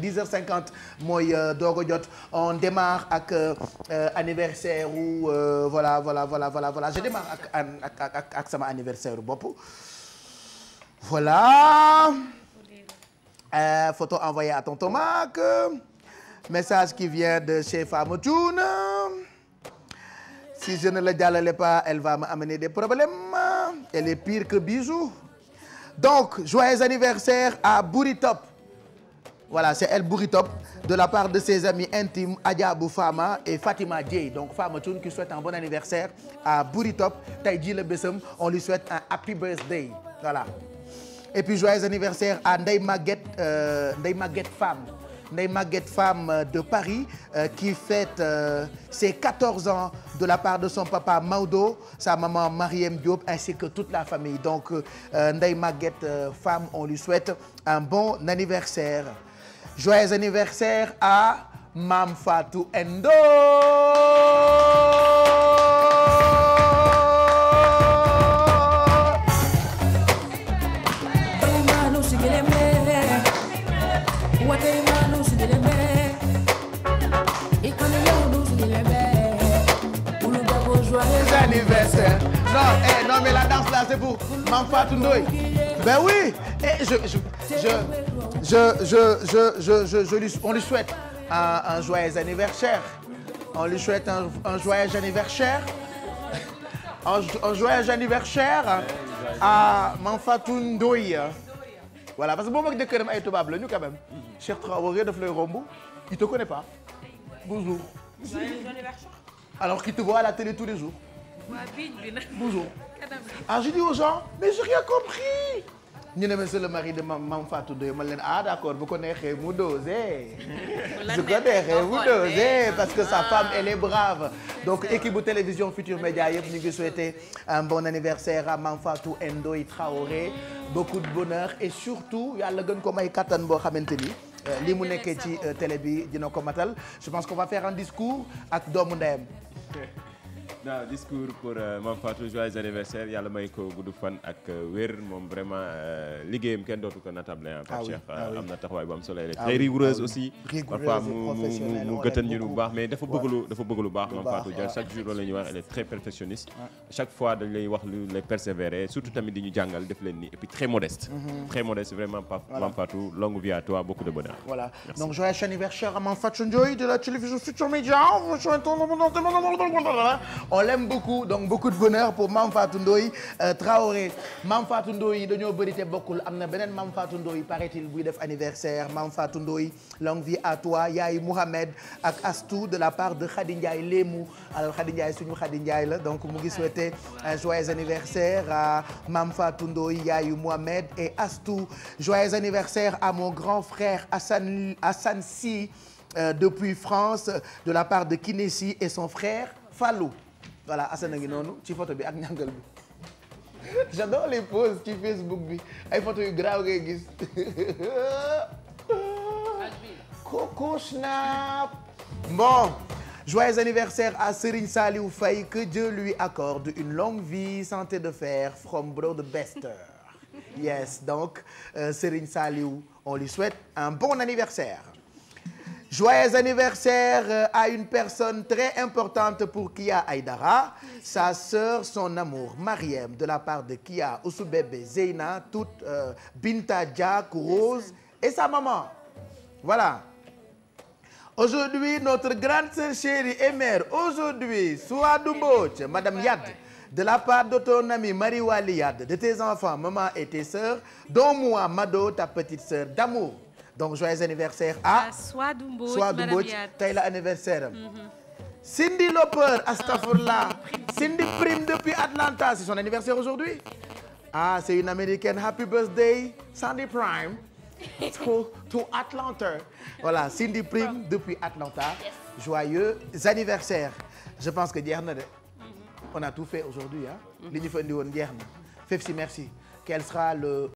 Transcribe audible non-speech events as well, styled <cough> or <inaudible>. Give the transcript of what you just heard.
10 heures 50 mooy euh, doog a jot on démarre ak euh, euh, anniversaire ou voilà voilà voilà voilà voilà photo envoyée à tonton Mac message qui vient de chez Fama si je ne la jàllale pas elle va m'amener des problèmes elle est pire que Bijou donc joyeux anniversaire à Bouritop voilà c'est El Bouritop de la part de ses amis intimes Adja Abou Fama et Fatima Dieye donc Fama Thioune qui souhaite un bon anniversaire à Bouritop tey jii la bésam on lui souhaite un happy birthday voilà et puis joyeux anniversaire à Ndeye Maguette euh, Ndeye Maguette Femme Ndeye euh, de Paris euh, qui fête euh, ses 14 ans de la part de son papa Maodo sa maman Mariem Diop ainsi que toute la famille donc euh, Ndeye Maguette euh, Femme on lui souhaite un bon anniversaire joyeux anniversaire à Mam Fatou Endo anniversaire. Eh, non, mais la danse là, c'est pour Mam Fatou Ndoye. Ben oui, eh, je, je... je, je, je, je, je lui, on lui souhaite un, un, joyeux anniversaire. On lui souhaite un, un joyeux anniversaire. <laughs> Un, un joyeux anniversaire à Manfatou Ndoye. Voilà, parce que boo mag jëkkëram ay tubaab la ñu quand même. Cheikh Traoré daf lay romb, il te connaît pas. Bonjour. Alors qu'il te voit à la télé tous les jours. Bonjour. Alors je dis aux gens, mais j'ai rien compris. ñu ne monsieur le mari de mam mam Fatou Ndoye ma leen ah d'accord bu ko neexee mu dosé su ko neexee parce que sa ah. femme elle est brave donc équipe bu télévision Futur Média yëpp ñu ngi souhaiter un bon anniversaire à mam Fatou Ndoye Traoré beaucoup de bonheur et surtout yàlla gën ko may kattan boo xamante ni euh, li mu nekkee ci euh, télé bi dina ko matal je pense qu'on va faire un discours ak doomu ndeyam non discours pour Mame Fatou joyeux anniversaire yàlla may ko gudd fan ak wér moom vraiment liggéeyam kenn dootu ko natable ah Pape am na taxawaay bu am solo la très rigoureuse aussi parfois mu mu mu gëtan ñu lu baax mais dafa bëgg lu baax Mame Fatou Dia chaque jour loolu la ñuy wax elle est très perfectionniste chaque fois dañ lay wax lu lay persévérer surtout tamit di ñu jàngal def leen ni et puis très modeste très modeste vraiment Pape Mame Fatou longue vie à de bonheur voilà donc joyeux anniversaire à on l'aime beaucoup donc beaucoup de bonheur pour Mame Fatou Ndoye euh, Traoré Mame Fatou Ndoye dañoo bëri te bokkul am na beneen Mame Fatou Ndoye paraît-il buy def anniversaire Mame Fatou Ndoye longue vie à toi yaay Mouhamed ak Astou de la part de Khady Ndiaye Lémou alors Khady Ndiaye suñu Khady Ndiaye la donc mu ngi souhaiter un joyeux anniversaire à Mame Fatou Ndoye yaayu et Astou joyeux anniversaire à mon grand frère Assane Assane Sy euh, depuis France de la part de Kiné Sy et son frère Fallou voilà Assane ngi noonu ci photo bi ak ñàngal bi <laughs> yu grave ngay gis <laughs> Coco Schnapp bon joyeux anniversaire à Serigne Saliou Faye que Dieu lui accorde une longue vie santé de fer from Broadbester <laughs> yes donc euh, Serigne on lui souhaite un bon anniversaire Joyeux anniversaire euh, à une personne très importante pour Kia Aïdara, sa sœur, son amour, Mariem, de la part de Kia, Oussoubébé, Zeina, toute euh, Binta Dia, Rose et sa maman. Voilà. Aujourd'hui, notre grande sœur chérie et aujourd'hui, Souadou Mbodj, Madame Yad, de la part de ton ami Marie Wali Yad, de tes enfants, maman et tes sœurs, dont moi, ta petite sœur d'amour. donc joyeux anniversaire à. à Swadou Mbodj Swadou Mbodj tey la anniversaire am. Mhm. Cindy Lauper astafurlah. Ah, Cindy Prime depuis Atlanta c'est son anniversaire aujourd'hui ah c'est une américaine happy birthday Cindy Prime. <laughs> to to Atlanta voilà Cindy joyeux anniversaire. je pense que jeex na de. Mhm. on a tout fait aujourd'hui ah. li jeex na. Fefsi merci. quel sera le